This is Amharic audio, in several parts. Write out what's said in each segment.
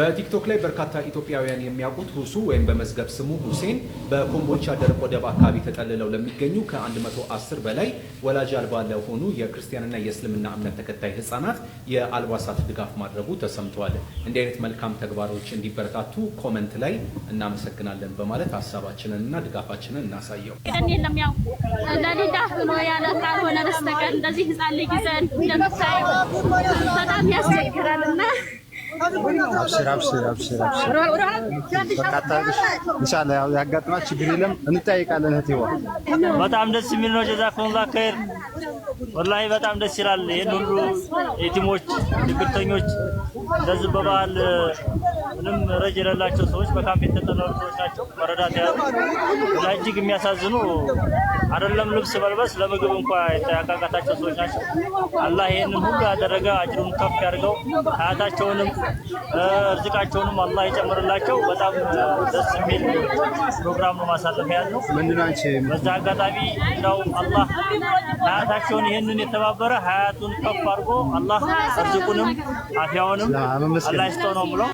በቲክቶክ ላይ በርካታ ኢትዮጵያውያን የሚያውቁት ሁሱ ወይም በመዝገብ ስሙ ሁሴን በኮምቦልቻ ደረቅ ወደብ አካባቢ ተጠልለው ለሚገኙ ከ110 በላይ ወላጅ አልባ ለሆኑ የክርስቲያንና የእስልምና እምነት ተከታይ ህጻናት የአልባሳት ድጋፍ ማድረጉ ተሰምተዋል። እንዲህ አይነት መልካም ተግባሮች እንዲበረታቱ ኮመንት ላይ እናመሰግናለን በማለት ሀሳባችንን ድጋፋችንን እናሳየው። ነው ያለ ካልሆነ በስተቀር እንደዚህ ህጻን ልጅ ይዘን እንደምታየው በጣም ያስቸግራል እና አብሽር አብሽር አብሽር አብሽር በቃ ታግሽ ኢንሻአላህ ያጋጥማት ችግር የለም እንጠያይቃለን። እህቴ በጣም ደስ የሚል ነው። ጀዛኩሙላህ ኸይር ወላሂ በጣም ደስ ይላል። ይሄን ሁሉ ኤቲሞች፣ ችግርተኞች እንደዚህ በባህል ምንም ረጅ የሌላቸው ሰዎች በካምፕ የተጠለሉ ሰዎች ናቸው። መረዳት ያሉ እና እጅግ የሚያሳዝኑ አይደለም ልብስ መልበስ ለምግብ እንኳ የተያቃቃታቸው ሰዎች ናቸው። አላህ ይህንን ሁሉ ያደረገ አጅሩን ከፍ ያድርገው። ሀያታቸውንም እርዝቃቸውንም አላህ ይጨምርላቸው። በጣም ደስ የሚል ፕሮግራም ነው ማሳለፍ ያለው። በዛ አጋጣሚ እንዳው አላህ ሀያታቸውን ይህንን የተባበረ ሀያቱን ከፍ አድርጎ አላህ እርዝቁንም አፊያውንም አላህ ይስጠው ነው ብለው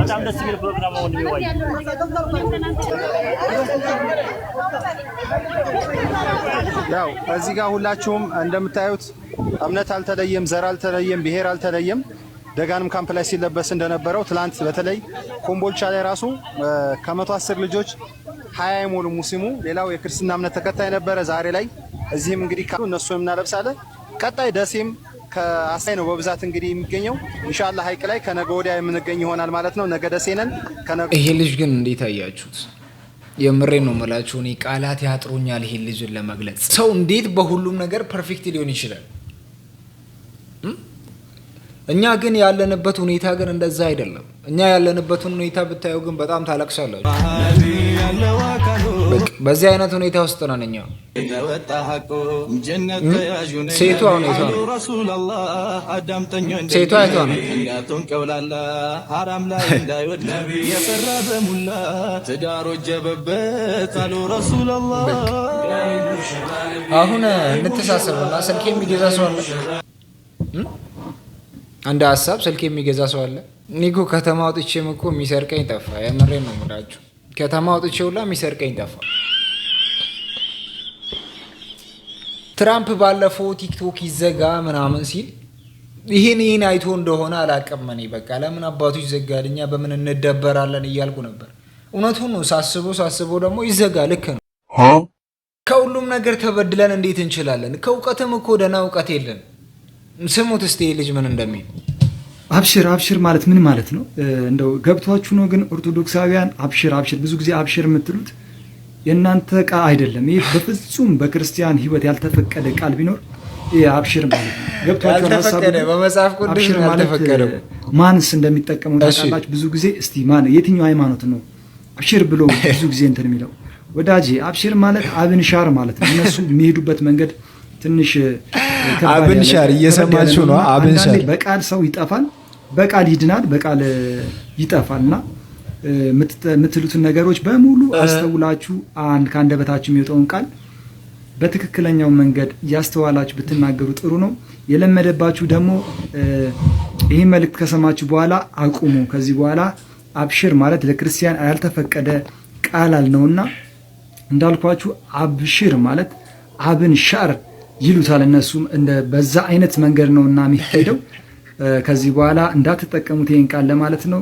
በጣም ደስ የሚል ፕሮግራም አሁን ይወይ ያው እዚህ ጋር ሁላችሁም እንደምታዩት እምነት አልተለየም፣ ዘር አልተለየም፣ ብሔር አልተለየም። ደጋንም ካምፕ ላይ ሲለበስ እንደነበረው ትላንት በተለይ ኮምቦልቻ ላይ ራሱ ከመቶ አስር ልጆች ሀያ የሞሉ ሙስሊሙ ሌላው የክርስትና እምነት ተከታይ ነበረ። ዛሬ ላይ እዚህም እንግዲህ እነሱን እናለብሳለን። ቀጣይ ደሴም ከአሳይ ነው በብዛት እንግዲህ የሚገኘው። እንሻላ ሀይቅ ላይ ከነገ ወዲያ የምንገኝ ይሆናል ማለት ነው። ነገ ደሴ ነን። ይሄ ልጅ ግን እንዴት አያችሁት? የምሬ ነው የምላችሁ። እኔ ቃላት ያጥሩኛል ይሄን ልጅን ለመግለጽ። ሰው እንዴት በሁሉም ነገር ፐርፌክት ሊሆን ይችላል? እኛ ግን ያለንበት ሁኔታ ግን እንደዛ አይደለም። እኛ ያለንበትን ሁኔታ ብታየው ግን በጣም ታለቅሳላችሁ። በዚህ አይነት ሁኔታ ውስጥ ነን እኛ። ሴቷ ሁኔታ ነው። ሴቷ አይቷ ነው። አሁን እንተሳሰብና ስልክ የሚገዛ ሰው አለ፣ እንደ ሀሳብ ስልክ የሚገዛ ሰው አለ። እኔ ከተማ ወጥቼም እኮ የሚሰርቀኝ ጠፋ። የምሬን ነው የምላችሁ ከተማ ወጥቼ ሁላ የሚሰርቀኝ ጠፋ። ትራምፕ ባለፈው ቲክቶክ ይዘጋ ምናምን ሲል ይህን ይህን አይቶ እንደሆነ አላቅም። እኔ በቃ ለምን አባቱ ይዘጋል እኛ በምን እንደበራለን እያልኩ ነበር። እውነቱን ነው። ሳስበው ሳስበው ደግሞ ይዘጋ ልክ ነው። ከሁሉም ነገር ተበድለን እንዴት እንችላለን? ከእውቀትም እኮ ደህና እውቀት የለን። ስሙት እስቲ ልጅ ምን እንደሚል አብሽር አብሽር ማለት ምን ማለት ነው? እንደው ገብቷችሁ ነው? ግን ኦርቶዶክሳውያን አብሽር አብሽር ብዙ ጊዜ አብሽር የምትሉት የእናንተ ዕቃ አይደለም። ይህ በፍጹም በክርስቲያን ሕይወት ያልተፈቀደ ቃል ቢኖር ይህ አብሽር ማለት ነው። ገብቷችሁ ያልተፈቀደው ማንስ እንደሚጠቀመው ታውቃላችሁ? ብዙ ጊዜ እስቲ ማን የትኛው ሃይማኖት ነው አብሽር ብሎ ብዙ ጊዜ እንትን የሚለው? ወዳጄ አብሽር ማለት አብንሻር ማለት ነው። እነሱ የሚሄዱበት መንገድ ትንሽ አብንሻር፣ እየሰማችሁ ነው። አብንሻር በቃል ሰው ይጠፋል በቃል ይድናል፣ በቃል ይጠፋል እና የምትሉትን ነገሮች በሙሉ አስተውላችሁ አንድ ከአንደበታችሁ የሚወጣውን ቃል በትክክለኛው መንገድ እያስተዋላችሁ ብትናገሩ ጥሩ ነው። የለመደባችሁ ደግሞ ይህ መልእክት ከሰማችሁ በኋላ አቁሙ። ከዚህ በኋላ አብሽር ማለት ለክርስቲያን ያልተፈቀደ ቃላል ነውና እንዳልኳችሁ አብሽር ማለት አብን ሻር ይሉታል እነሱም በዛ አይነት መንገድ ነውና የሚሄደው ከዚህ በኋላ እንዳትጠቀሙት ይህን ቃል ለማለት ነው።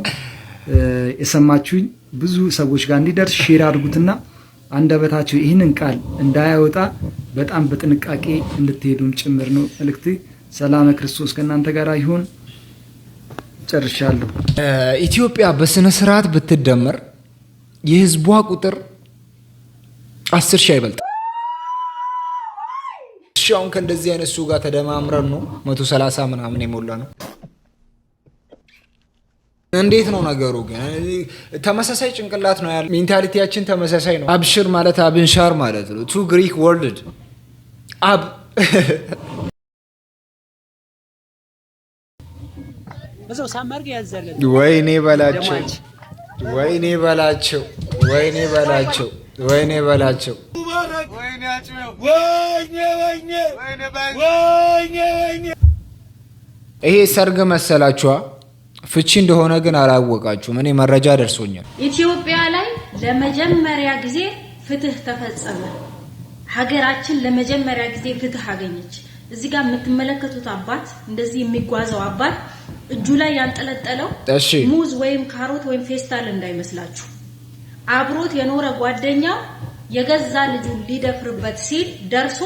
የሰማችሁኝ ብዙ ሰዎች ጋር እንዲደርስ ሼር አድርጉትና አንደበታቸው ይህንን ቃል እንዳያወጣ በጣም በጥንቃቄ እንድትሄዱም ጭምር ነው መልእክት። ሰላመ ክርስቶስ ከእናንተ ጋር ይሁን። ጨርሻለሁ። ኢትዮጵያ በስነ ስርዓት ብትደመር የህዝቧ ቁጥር አስር ሺህ አይበልጥ። አሁን ከእንደዚህ አይነት እሱ ጋር ተደማምረን ነው መቶ ሰላሳ ምናምን የሞላ ነው። እንዴት ነው ነገሩ? ግን ተመሳሳይ ጭንቅላት ነው ያለ፣ ሜንታሊቲያችን ተመሳሳይ ነው። አብሽር ማለት አብንሻር ማለት ነው። ቱ ግሪክ ወርልድ አብ ወይኔ በላቸው፣ ወይኔ በላቸው፣ ወይኔ በላቸው፣ ወይኔ በላቸው። ይሄ ሰርግ መሰላችኋ? ፍቺ እንደሆነ ግን አላወቃችሁም። እኔ መረጃ ደርሶኛል። ኢትዮጵያ ላይ ለመጀመሪያ ጊዜ ፍትህ ተፈጸመ። ሀገራችን ለመጀመሪያ ጊዜ ፍትህ አገኘች። እዚህ ጋር የምትመለከቱት አባት እንደዚህ የሚጓዘው አባት እጁ ላይ ያንጠለጠለው ሙዝ ወይም ካሮት ወይም ፌስታል እንዳይመስላችሁ፣ አብሮት የኖረ ጓደኛው የገዛ ልጁን ሊደፍርበት ሲል ደርሶ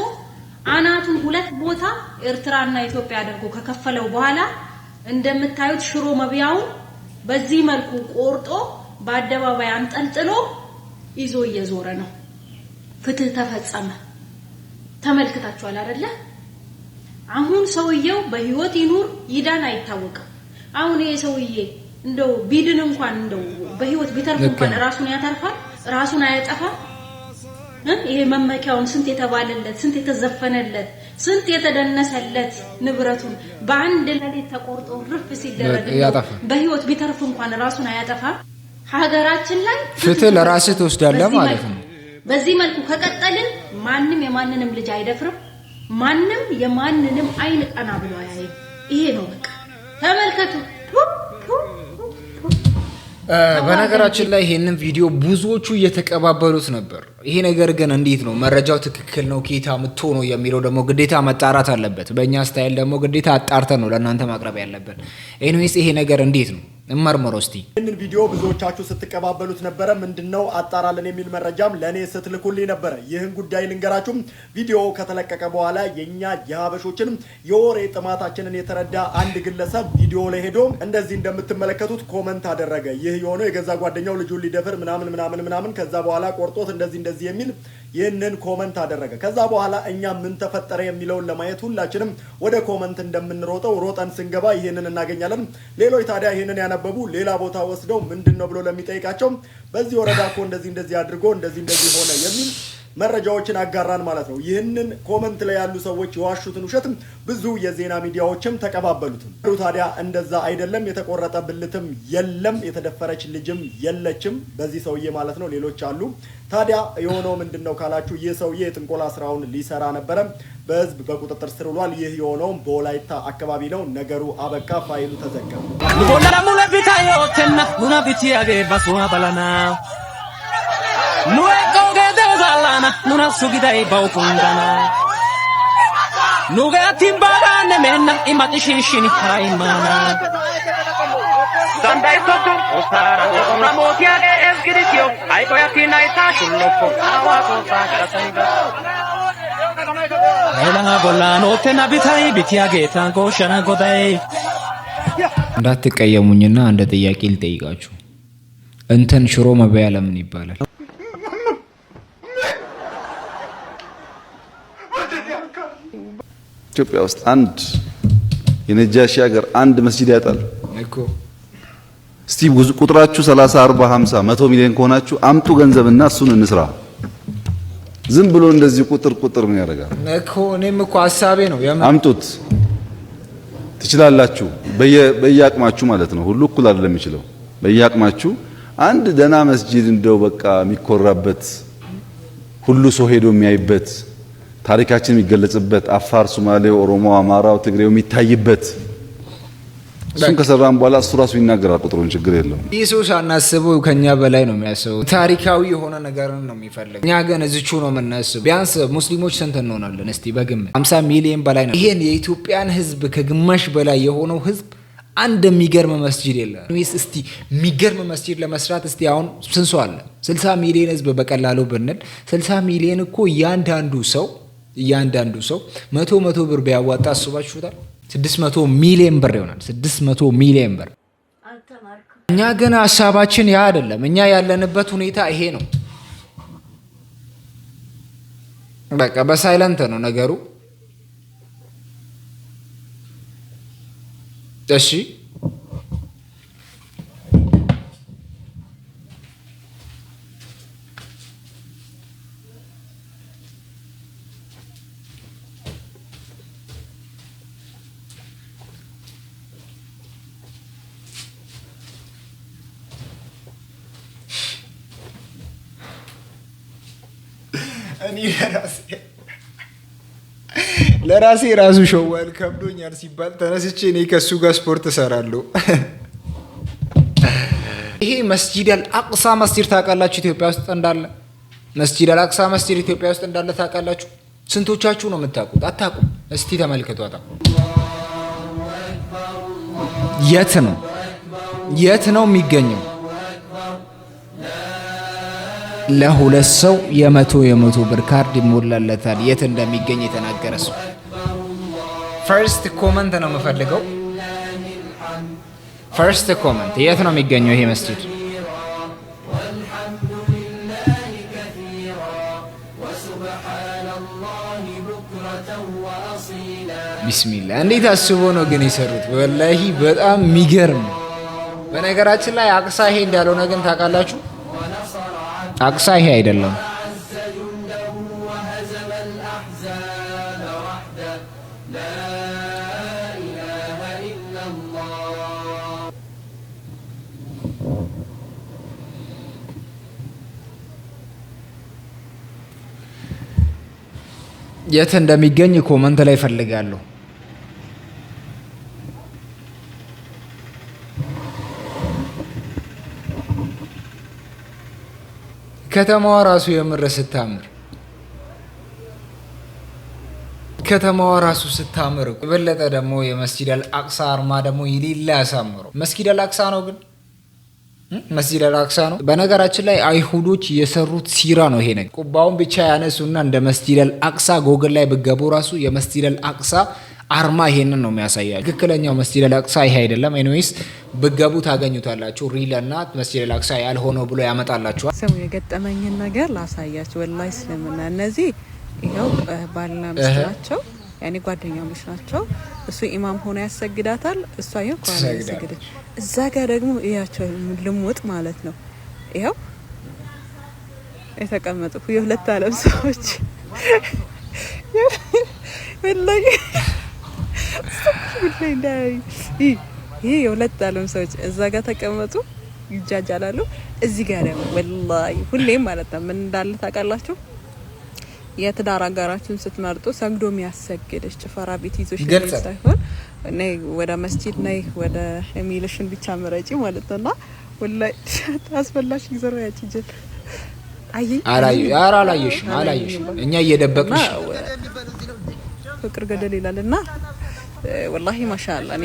አናቱን ሁለት ቦታ ኤርትራና ኢትዮጵያ አድርጎ ከከፈለው በኋላ እንደምታዩት ሽሮ መብያውን በዚህ መልኩ ቆርጦ በአደባባይ አንጠልጥሎ ይዞ እየዞረ ነው። ፍትህ ተፈጸመ። ተመልክታችኋል አይደለ? አሁን ሰውየው በህይወት ይኑር ይዳን አይታወቅም። አሁን ይሄ ሰውዬ እንደው ቢድን እንኳን እንደው በህይወት ቢተርፍ እንኳን ራሱን ያተርፋል፣ ራሱን አያጠፋም። ይሄ መመኪያውን ስንት የተባለለት ስንት የተዘፈነለት ስንት የተደነሰለት ንብረቱን በአንድ ሌሊት ተቆርጦ ርፍ ሲደረግ በህይወት ቢተርፍ እንኳን ራሱን አያጠፋ። ሀገራችን ላይ ፍትህ ለራስህ ትወስዳለህ ማለት ነው። በዚህ መልኩ ከቀጠልን ማንም የማንንም ልጅ አይደፍርም። ማንም የማንንም አይን ቀና ብሎ አያይም። ይሄ ነው በቃ ተመልከቱ። በነገራችን ላይ ይሄንን ቪዲዮ ብዙዎቹ እየተቀባበሉት ነበር። ይሄ ነገር ግን እንዴት ነው መረጃው ትክክል ነው ኬታ ምቶ ነው የሚለው ደግሞ ግዴታ መጣራት አለበት። በእኛ ስታይል ደግሞ ግዴታ አጣርተ ነው ለእናንተ ማቅረብ ያለብን። ኤኒዌይስ ይሄ ነገር እንዴት ነው እመርምሮ እስቲ። ይህንን ቪዲዮ ብዙዎቻችሁ ስትቀባበሉት ነበረ። ምንድነው አጣራለን የሚል መረጃም ለእኔ ስትልኩልኝ ነበረ። ይህን ጉዳይ ልንገራችሁም፣ ቪዲዮ ከተለቀቀ በኋላ የእኛ የሀበሾችን የወሬ ጥማታችንን የተረዳ አንድ ግለሰብ ቪዲዮ ላይ ሄዶ እንደዚህ እንደምትመለከቱት ኮመንት አደረገ። ይህ የሆነው የገዛ ጓደኛው ልጁን ሊደፍር ምናምን ምናምን ምናምን ከዛ በኋላ ቆርጦት እንደዚህ እንደዚህ የሚል ይህንን ኮመንት አደረገ። ከዛ በኋላ እኛ ምን ተፈጠረ የሚለውን ለማየት ሁላችንም ወደ ኮመንት እንደምንሮጠው ሮጠን ስንገባ ይህንን እናገኛለን። ሌሎች ታዲያ ይህንን ያነበቡ ሌላ ቦታ ወስደው ምንድን ነው ብሎ ለሚጠይቃቸው በዚህ ወረዳ እኮ እንደዚህ እንደዚህ አድርጎ እንደዚህ እንደዚህ ሆነ የሚል መረጃዎችን አጋራን ማለት ነው። ይህንን ኮመንት ላይ ያሉ ሰዎች የዋሹትን ውሸትም ብዙ የዜና ሚዲያዎችም ተቀባበሉትም። ታዲያ እንደዛ አይደለም። የተቆረጠ ብልትም የለም፣ የተደፈረች ልጅም የለችም በዚህ ሰውዬ ማለት ነው። ሌሎች አሉ። ታዲያ የሆነው ምንድን ነው ካላችሁ ይህ ሰውዬ የጥንቆላ ስራውን ሊሰራ ነበረ። በህዝብ በቁጥጥር ስር ውሏል። ይህ የሆነውም በወላይታ አካባቢ ነው። ነገሩ አበቃ፣ ፋይሉ ተዘገበ። በላና Alana, nuna ha sugidei baukuntana nuga ne menna imati shishini haimana Dandeettotu osaara oona mootiyaagee ezgidisiyo aikoyatti naitaa shulloppo aawaa koosaa kadhatayda. Elaa bollaan oottena bitay bitiyaageeta ጎሸና ጎዳይ እንዳትቀየሙኝና አንድ ጥያቄ ልጠይቃችሁ። እንትን ሽሮ መበያ ለምን ይባላል? ኢትዮጵያ ውስጥ አንድ የነጃሺ ሀገር አንድ መስጂድ ያጣል እኮ። እስቲ ቁጥራችሁ 30፣ 40፣ 50፣ 100 ሚሊዮን ከሆናችሁ አምጡ ገንዘብና እሱን እንስራ። ዝም ብሎ እንደዚህ ቁጥር ቁጥር ምን ያደርጋል እኮ። እኔም እኮ ሀሳቤ ነው። አምጡት፣ ትችላላችሁ። በየአቅማችሁ ማለት ነው። ሁሉ እኩል አይደለም የሚችለው። በየአቅማችሁ አንድ ደህና መስጂድ እንደው በቃ የሚኮራበት ሁሉ ሰው ሄዶ የሚያይበት ታሪካችን የሚገለጽበት አፋር፣ ሶማሌ፣ ኦሮሞ፣ አማራው፣ ትግሬው የሚታይበት እሱን ከሰራን በኋላ እሱ ራሱ ይናገራል። ቁጥሩን ችግር የለውም። ይህ ሰው ሳናስበው ከኛ በላይ ነው የሚያስበው። ታሪካዊ የሆነ ነገርን ነው የሚፈልግ። እኛ ግን እዝቹ ነው የምናስበው። ቢያንስ ሙስሊሞች ስንት እንሆናለን እስቲ በግምት 50 ሚሊዮን በላይ ነው። ይሄን የኢትዮጵያን ህዝብ ከግማሽ በላይ የሆነው ህዝብ አንድ የሚገርም መስጂድ የለም። እስቲ የሚገርም መስጂድ ለመስራት እስቲ አሁን ስንሶ አለ 60 ሚሊዮን ህዝብ በቀላሉ ብንል 60 ሚሊዮን እኮ እያንዳንዱ ሰው እያንዳንዱ ሰው መቶ መቶ ብር ቢያዋጣ አስባችሁታል? ስድስት መቶ ሚሊዮን ብር ይሆናል። ስድስት መቶ ሚሊዮን ብር። እኛ ግን ሀሳባችን ያ አይደለም። እኛ ያለንበት ሁኔታ ይሄ ነው። በቃ በሳይለንት ነው ነገሩ። እሺ ለራሴ ራሱ ሸዋል ከብዶኛል ሲባል ተነስቼ እኔ ከሱ ጋር ስፖርት እሰራለሁ። ይሄ መስጂድ አልአቅሳ መስጂድ ታውቃላችሁ? ኢትዮጵያ ውስጥ እንዳለ መስጂድ አልአቅሳ መስጂድ ኢትዮጵያ ውስጥ እንዳለ ታውቃላችሁ? ስንቶቻችሁ ነው የምታውቁት? አታውቁም። እስቲ ተመልከቷታ። የት ነው የት ነው የሚገኘው? ለሁለት ሰው የመቶ የመቶ ብር ካርድ ይሞላለታል። የት እንደሚገኝ የተናገረ ሰው ፈርስት ኮመንት ነው የምፈልገው። ፈርስት ኮመንት የት ነው የሚገኘው ይሄ መስጂድ? ቢስሚላ እንዴት አስቦ ነው ግን የሰሩት? ወላሂ በጣም የሚገርም። በነገራችን ላይ አቅሳ ይሄ እንዳልሆነ ግን ታውቃላችሁ አቅሳ ይሄ አይደለም። የት እንደሚገኝ ኮመንት ላይ ፈልጋለሁ። ከተማዋ ራሱ የምር ስታምር ከተማዋ ራሱ ስታምር የበለጠ ደግሞ የመስጂድ አልአቅሳ አርማ ደግሞ ይሌላ ያሳምረው። መስጂድ አልአቅሳ ነው ግን መስጂድ አልአቅሳ ነው። በነገራችን ላይ አይሁዶች የሰሩት ሲራ ነው ይሄ ነገር። ቁባውን ብቻ ያነሱና እንደ መስጂድ አልአቅሳ ጎግል ላይ ብገቡ ራሱ የመስጂድ አልአቅሳ አርማ ይሄንን ነው የሚያሳያ። ትክክለኛው መስጂድ አልአቅሳ ይሄ አይደለም። ኤኒዌይስ ብገቡ ታገኙታላችሁ። ሪል እና መስጂድ አልአቅሳ ያልሆነው ብሎ ያመጣላችኋል። ሰው የገጠመኝን ነገር ላሳያችሁ። ወላሂ እስልምና እነዚህ ይኸው ባልና ሚስት ናቸው። ያኔ ጓደኛሞች ናቸው። እሱ ኢማም ሆኖ ያሰግዳታል፣ እሷ ይኸው ከኋላ ያሰግደች። እዛ ጋር ደግሞ እያቸው ልሙጥ ማለት ነው። ይኸው የተቀመጡ የሁለት አለም ሰዎች ይህ የሁለት አለም ሰዎች እዛ ጋር ተቀመጡ ይጃጃላሉ። እዚህ ጋር ደግሞ ወላሂ ሁሌም ማለት ነው ምን እንዳለ ታውቃላችሁ? የትዳር አጋራችሁን ስትመርጡ ሰግዶ የሚያሰግድሽ ጭፈራ ቤት ይዞሽ ሳይሆን ነይ ወደ መስጂድ ነይ ወደ የሚልሽን ብቻ ምረጪ ማለት ነውና ወላሂ አስፈላሽ ጊዘሮ ያቺ ጅል አላየሽም፣ አላየሽም እኛ እየደበቅንሽ ፍቅር ገደል ይላልና ወላሂ ማሻላ እኔ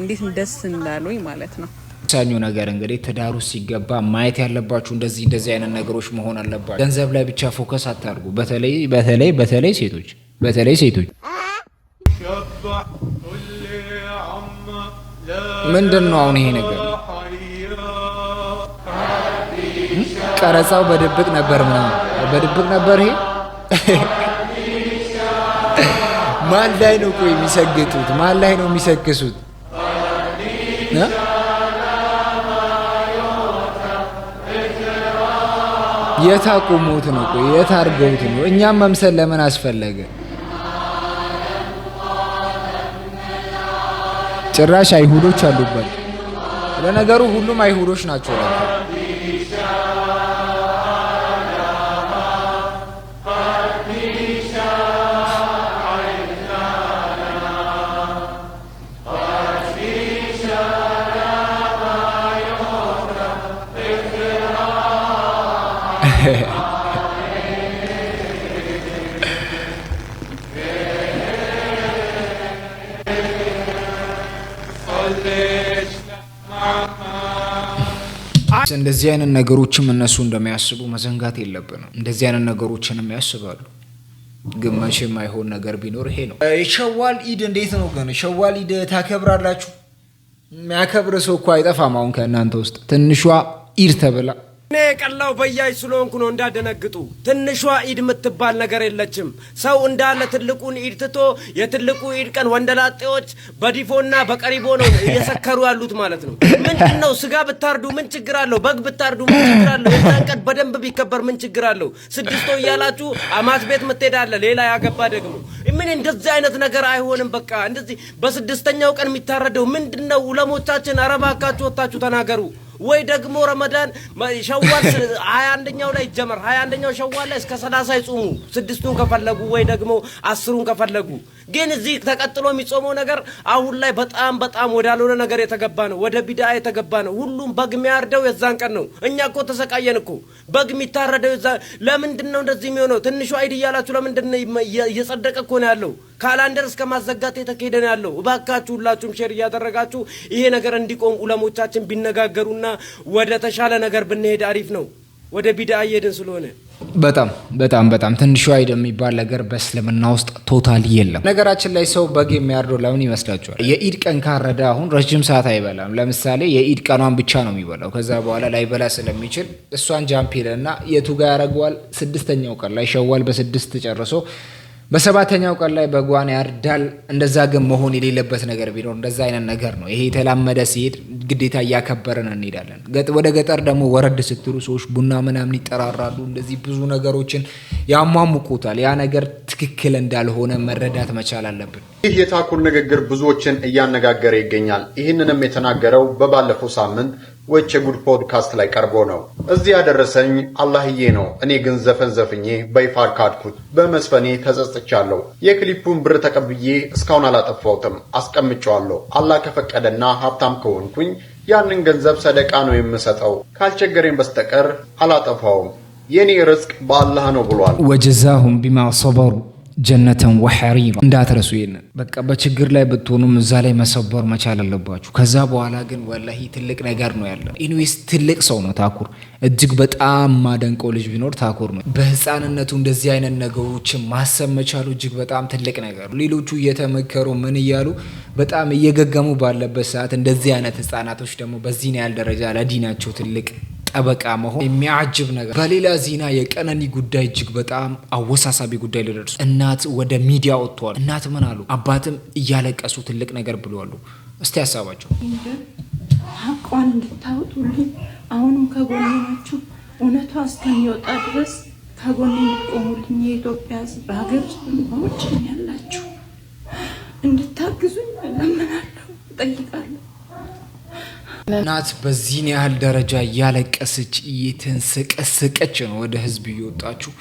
እንዴት ደስ እንዳሉኝ ማለት ነው። ወሳኙ ነገር እንግዲህ ትዳሩ ሲገባ ማየት ያለባችሁ እንደዚህ እንደዚህ አይነት ነገሮች መሆን አለባችሁ። ገንዘብ ላይ ብቻ ፎከስ አታርጉ። በተለይ በተለይ በተለይ ሴቶች በተለይ ሴቶች ምንድን ነው አሁን ይሄ ነገር ቀረጻው በድብቅ ነበር ምናምን በድብቅ ነበር ይሄ ማን ላይ ነው ቆይ የሚሰግጡት? ማን ላይ ነው የሚሰክሱት? የት አቁሙት ነው ቆይ የት አድርገውት ነው? እኛም መምሰል ለምን አስፈለገ? ጭራሽ አይሁዶች አሉበት። ለነገሩ ሁሉም አይሁዶች ናቸው። እንደዚህ አይነት ነገሮችም እነሱ እንደሚያስቡ መዘንጋት የለብንም። እንደዚህ አይነት ነገሮችንም ያስባሉ። ግመሽ የማይሆን ነገር ቢኖር ይሄ ነው። የሸዋል ኢድ እንዴት ነው ግን? ሸዋል ኢድ ታከብራላችሁ? የሚያከብር ሰው እኮ አይጠፋም። አሁን ከእናንተ ውስጥ ትንሿ ኢድ ተብላ እኔ የቀላው በያይ ስለሆንኩ ነው እንዳደነግጡ። ትንሿ ኢድ የምትባል ነገር የለችም። ሰው እንዳለ ትልቁን ኢድ ትቶ የትልቁ ኢድ ቀን ወንደላጤዎች በዲፎና በቀሪቦ ነው እየሰከሩ ያሉት ማለት ነው። ምንድን ነው ስጋ ብታርዱ ምን ችግር አለው? በግ ብታርዱ ምን ችግር አለው? የዛን ቀን በደንብ ቢከበር ምን ችግር አለው? ስድስቶ እያላችሁ አማት ቤት ምትሄዳለ ሌላ ያገባ ደግሞ ምን እንደዚህ አይነት ነገር አይሆንም። በቃ እንደዚህ በስድስተኛው ቀን የሚታረደው ምንድን ነው? አረባካችሁ ወታችሁ ተናገሩ። ወይ ደግሞ ረመዳን ሸዋል ሀያ አንደኛው ላይ ይጀመር። ሀያ አንደኛው ሸዋል ላይ እስከ ሰላሳ ይጹሙ ስድስቱን ከፈለጉ ወይ ደግሞ አስሩን ከፈለጉ ግን እዚህ ተቀጥሎ የሚጾመው ነገር አሁን ላይ በጣም በጣም ወዳልሆነ ነገር የተገባ ነው። ወደ ቢዳ የተገባ ነው። ሁሉም በግ የሚያርደው የዛን ቀን ነው። እኛ እኮ ተሰቃየን እኮ በግ የሚታረደው የዛ። ለምንድን ነው እንደዚህ የሚሆነው? ትንሹ አይድ እያላችሁ ለምንድን እየጸደቀ እኮ ነው ያለው። ካላንደር እስከ ማዘጋት የተካሄደ ነው ያለው። እባካችሁ ሁላችሁም ሼር እያደረጋችሁ ይሄ ነገር እንዲቆም ኡለሞቻችን ቢነጋገሩና ወደ ተሻለ ነገር ብንሄድ አሪፍ ነው። ወደ ቢዳ እየሄድን ስለሆነ በጣም በጣም በጣም ትንሹ አይደ የሚባል ነገር በእስልምና ውስጥ ቶታል የለም። ነገራችን ላይ ሰው በግ የሚያርደው ለምን ይመስላችኋል? የኢድ ቀን ካረደ አሁን ረጅም ሰዓት አይበላም። ለምሳሌ የኢድ ቀኗን ብቻ ነው የሚበላው። ከዛ በኋላ ላይበላ ስለሚችል እሷን ጃምፒልና የቱጋ ያደርገዋል? ስድስተኛው ቀን ላይ ሸዋል በስድስት ጨርሶ በሰባተኛው ቀን ላይ በጓን ያርዳል። እንደዛ ግን መሆን የሌለበት ነገር ቢኖር እንደዛ አይነት ነገር ነው። ይሄ የተላመደ ሲሄድ ግዴታ እያከበርን እንሄዳለን። ወደ ገጠር ደግሞ ወረድ ስትሉ ሰዎች ቡና ምናምን ይጠራራሉ። እንደዚህ ብዙ ነገሮችን ያሟሙቁታል። ያ ነገር ትክክል እንዳልሆነ መረዳት መቻል አለብን። ይህ የታኩር ንግግር ብዙዎችን እያነጋገረ ይገኛል። ይህንንም የተናገረው በባለፈው ሳምንት ወቼ ጉድ ፖድካስት ላይ ቀርቦ ነው። እዚህ ያደረሰኝ አላህዬ ነው። እኔ ግን ዘፈን ዘፍኜ በይፋ ካድኩት፣ በመስፈኔ ተጸጽቻለሁ። የክሊፑን ብር ተቀብዬ እስካሁን አላጠፋውትም አስቀምጨዋለሁ። አላህ ከፈቀደና ሀብታም ከሆንኩኝ ያንን ገንዘብ ሰደቃ ነው የምሰጠው። ካልቸገረኝ በስተቀር አላጠፋውም። የእኔ ርዝቅ በአላህ ነው ብሏል። ወጀዛሁም ቢማ ሰበሩ ጀነተን ወሐሪራ እንዳትረሱ። ይንን በቃ በችግር ላይ ብትሆኑም እዛ ላይ መሰበር መቻል አለባችሁ። ከዛ በኋላ ግን ወላሂ ትልቅ ነገር ነው ያለ። ኢንዌስ ትልቅ ሰው ነው ታኩር። እጅግ በጣም ማደንቀው ልጅ ቢኖር ታኩር ነው። በህፃንነቱ እንደዚህ አይነት ነገሮችን ማሰብ መቻሉ እጅግ በጣም ትልቅ ነገር ሌሎቹ እየተመከሩ ምን እያሉ በጣም እየገገሙ ባለበት ሰዓት እንደዚህ አይነት ህፃናቶች ደግሞ በዚህ ያህል ደረጃ ለዲናቸው ትልቅ ጠበቃ መሆን የሚያጅብ ነገር። በሌላ ዜና የቀነኒ ጉዳይ እጅግ በጣም አወሳሳቢ ጉዳይ ሊደርሱ እናት ወደ ሚዲያ ወጥተዋል። እናት ምን አሉ? አባትም እያለቀሱ ትልቅ ነገር ብለዋሉ። እስቲ ሀሳባቸው ሀቋን እንድታወጡልኝ አሁንም ከጎን ናችሁ። እውነቷ እስከሚወጣ ድረስ ከጎን የሚቆሙልኝ የኢትዮጵያ ሕዝብ በሀገር ውስጥ ያላችሁ እንድታግዙኝ እለምናለሁ፣ እጠይቃለሁ። እናት በዚህን ያህል ደረጃ እያለቀሰች እየተንሰቀሰቀች ነው ወደ ህዝብ እየወጣችሁ።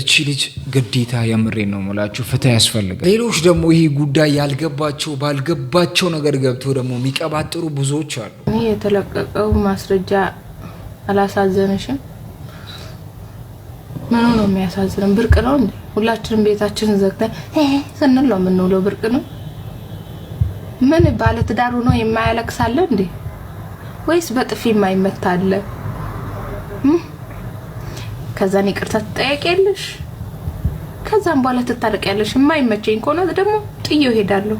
እቺ ልጅ ግዴታ የምሬ ነው ምላችሁ ፍትህ ያስፈልጋል። ሌሎች ደግሞ ይሄ ጉዳይ ያልገባቸው ባልገባቸው ነገር ገብቶ ደግሞ የሚቀባጥሩ ብዙዎች አሉ። እኔ የተለቀቀው ማስረጃ አላሳዘንሽም? ምኑ ነው የሚያሳዝንም? ብርቅ ነው እንዴ? ሁላችንም ቤታችንን ዘግተን ስንል ነው የምንውለው። ብርቅ ነው ምን? ባለትዳር ነው የማያለቅሳለ እንዴ? ወይስ በጥፊ የማይመታ አለ? ከዛን ይቅርታ ትጠያቂያለሽ፣ ከዛም በኋላ ትታረቂያለሽ። የማይመቸኝ ከሆነ ደግሞ ጥዬው ሄዳለሁ።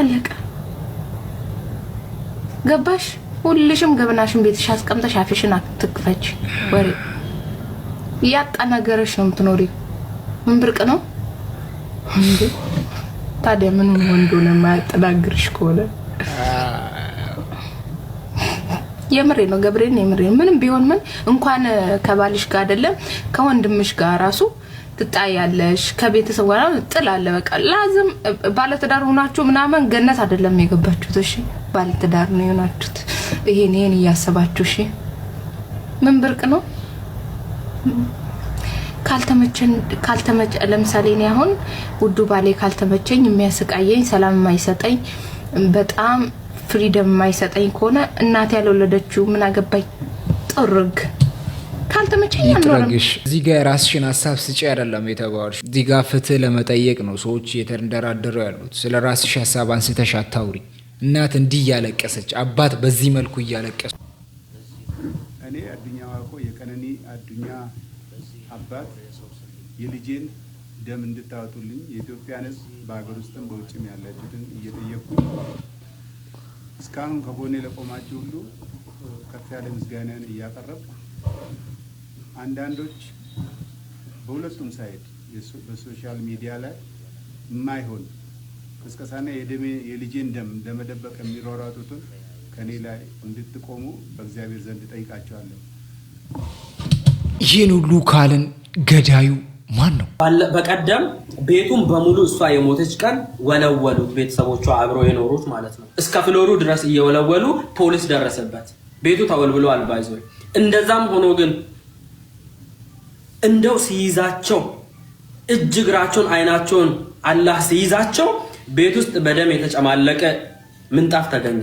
አለቀ። ገባሽ? ሁልሽም ገበናሽን ቤትሽ አስቀምጠሽ አፍሽን አትክፈች። ወሬ ያጣ ነገርሽ ነው የምትኖሪ። ምን ብርቅ ነው እንዴ? ታዲያ ምንም ወንዶ ሆነ የማያጠናግርሽ ከሆነ የምሬ ነው ገብሬን፣ የምሬ ምንም ቢሆን ምን እንኳን ከባልሽ ጋር አይደለም ከወንድምሽ ጋር ራሱ ትጣያለሽ። ከቤተሰብ ጋር ጥል አለ። በቃ ላዝም ባለትዳር ሆናችሁ ምናምን ገነት አይደለም የገባችሁት። እሺ ባለትዳር ነው የሆናችሁት። ይሄን ይሄን እያሰባችሁ እሺ፣ ምን ብርቅ ነው ካልተመቸን ካልተመቸ ለምሳሌ እኔ አሁን ውዱ ባሌ ካልተመቸኝ የሚያስቃየኝ ሰላም የማይሰጠኝ በጣም ፍሪደም የማይሰጠኝ ከሆነ እናት ያልወለደችው ምን አገባኝ ጥርግ ካልተመቸኝ እዚህ ጋር የራስሽን ሀሳብ ስጪ አይደለም የተባለሽ፣ እዚህ ጋር ፍትህ ለመጠየቅ ነው ሰዎች እየተንደራደሩ ያሉት። ስለ ራስሽ ሀሳብ አንስተሽ አታውሪ። እናት እንዲህ እያለቀሰች፣ አባት በዚህ መልኩ እያለቀሱ እኔ አዱኛ ዋቆ የቀነኒ አዱኛ አባት የልጄን ደም እንድታወጡልኝ የኢትዮጵያን ሕዝብ በሀገር ውስጥም በውጭም ያላችሁትን እየጠየቅኩ እስካሁን ከጎኔ ለቆማችሁ ሁሉ ከፍ ያለ ምስጋናን እያቀረብኩ አንዳንዶች በሁለቱም ሳይድ በሶሻል ሚዲያ ላይ የማይሆን ቅስቀሳና የደሜ የልጄን ደም ለመደበቅ የሚሯሯጡትን ከኔ ላይ እንድትቆሙ በእግዚአብሔር ዘንድ ጠይቃቸዋለሁ። ይህን ሁሉ ካልን ገዳዩ ማን ነው? በቀደም ቤቱን በሙሉ እሷ የሞተች ቀን ወለወሉት። ቤተሰቦቿ አብረው የኖሩት ማለት ነው። እስከ ፍሎሩ ድረስ እየወለወሉ ፖሊስ ደረሰበት። ቤቱ ተወልብሎ አልባይዞ። እንደዛም ሆኖ ግን እንደው ሲይዛቸው እጅ እግራቸውን አይናቸውን አላህ ሲይዛቸው ቤት ውስጥ በደም የተጨማለቀ ምንጣፍ ተገኘ።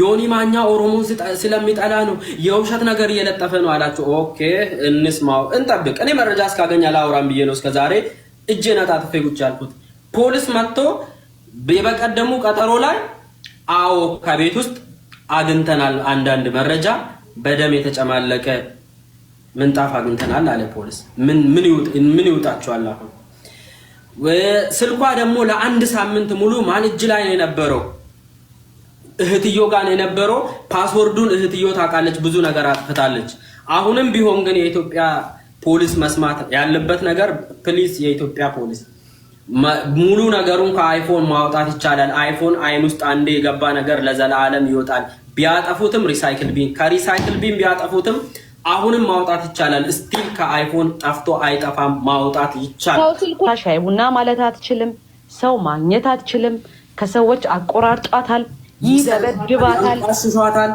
ዮኒ ማኛ ኦሮሞን ስለሚጠላ ነው የውሸት ነገር እየለጠፈ ነው አላቸው። ኦኬ እንስማው፣ እንጠብቅ። እኔ መረጃ እስካገኝ አላወራም ብዬ ነው እስከዛሬ እጄን አጣጥፌ ቁጭ ያልኩት። ፖሊስ መጥቶ የበቀደሙ ቀጠሮ ላይ አዎ ከቤት ውስጥ አግኝተናል፣ አንዳንድ መረጃ በደም የተጨማለቀ ምንጣፍ አግኝተናል አለ ፖሊስ። ምን ይውጣችኋል? አሁን ስልኳ ደግሞ ለአንድ ሳምንት ሙሉ ማን እጅ ላይ ነው የነበረው? እህትዮ ጋር የነበረው ፓስወርዱን እህትዮ ታውቃለች፣ ብዙ ነገር አጥፍታለች። አሁንም ቢሆን ግን የኢትዮጵያ ፖሊስ መስማት ያለበት ነገር ፕሊስ፣ የኢትዮጵያ ፖሊስ ሙሉ ነገሩን ከአይፎን ማውጣት ይቻላል። አይፎን አይን ውስጥ አንዴ የገባ ነገር ለዘላለም ይወጣል። ቢያጠፉትም ሪሳይክል ቢን ከሪሳይክል ቢን ቢያጠፉትም አሁንም ማውጣት ይቻላል። ስቲል ከአይፎን ጠፍቶ አይጠፋም፣ ማውጣት ይቻላል። ሻይ ቡና ማለት አትችልም፣ ሰው ማግኘት አትችልም። ከሰዎች አቆራርጧታል። ይደበድባታል፣ ያንቋሽሿታል።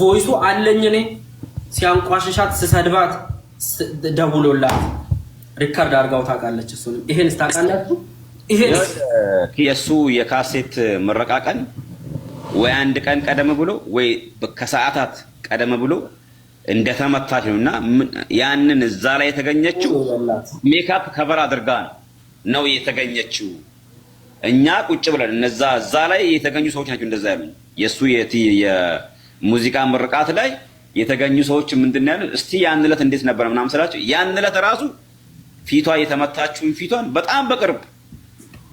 ቮይሱ አለኝ እኔ ሲያንቋሽሻት ስሰድባት ደውሎላት ሪከርድ አድርጋው ታውቃለች። እሱ ይሄን ስታውቃላችሁ። ይሄ የእሱ የካሴት ምረቃ ቀን ወይ አንድ ቀን ቀደም ብሎ ወይ ከሰዓታት ቀደም ብሎ እንደተመታች ነው እና ያንን እዛ ላይ የተገኘችው ሜካፕ ከበር አድርጋ ነው ነው የተገኘችው እኛ ቁጭ ብለን እነዛ እዛ ላይ የተገኙ ሰዎች ናቸው እንደዛ ያሉኝ። የእሱ የሙዚቃ ምርቃት ላይ የተገኙ ሰዎች ምንድን ነው ያሉት? እስቲ ያን ዕለት እንዴት ነበረ ምናምን ስላቸው ያን ዕለት ራሱ ፊቷ የተመታችውን ፊቷን በጣም በቅርብ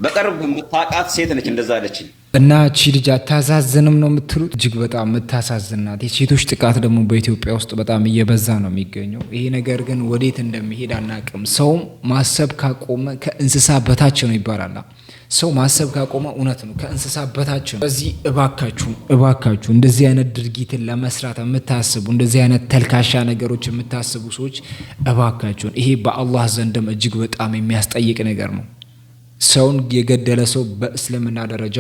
በቅርብ የምታውቃት ሴት ነች እንደዛ አለችኝ። እና እቺ ልጅ አታሳዝንም ነው የምትሉት? እጅግ በጣም የምታሳዝናት የሴቶች ጥቃት ደግሞ በኢትዮጵያ ውስጥ በጣም እየበዛ ነው የሚገኘው። ይሄ ነገር ግን ወዴት እንደሚሄድ አናቅም። ሰውም ማሰብ ካቆመ ከእንስሳ በታች ነው ይባላል። ሰው ማሰብ ካቆመ እውነት ነው ከእንስሳ በታች ነው። በዚህ እባካችሁ እባካችሁ እንደዚህ አይነት ድርጊትን ለመስራት የምታስቡ እንደዚህ አይነት ተልካሻ ነገሮች የምታስቡ ሰዎች እባካችሁን፣ ይሄ በአላህ ዘንድም እጅግ በጣም የሚያስጠይቅ ነገር ነው። ሰውን የገደለ ሰው በእስልምና ደረጃ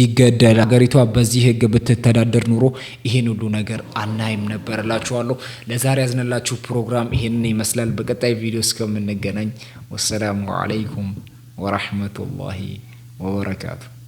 ይገደላል። ሀገሪቷ በዚህ ህግ ብትተዳደር ኑሮ ይህን ሁሉ ነገር አናይም ነበር እላችኋለሁ። ለዛሬ ያዝነላችሁ ፕሮግራም ይህንን ይመስላል። በቀጣይ ቪዲዮ እስከምንገናኝ ወሰላሙ አለይኩም ورحمة الله وبركاته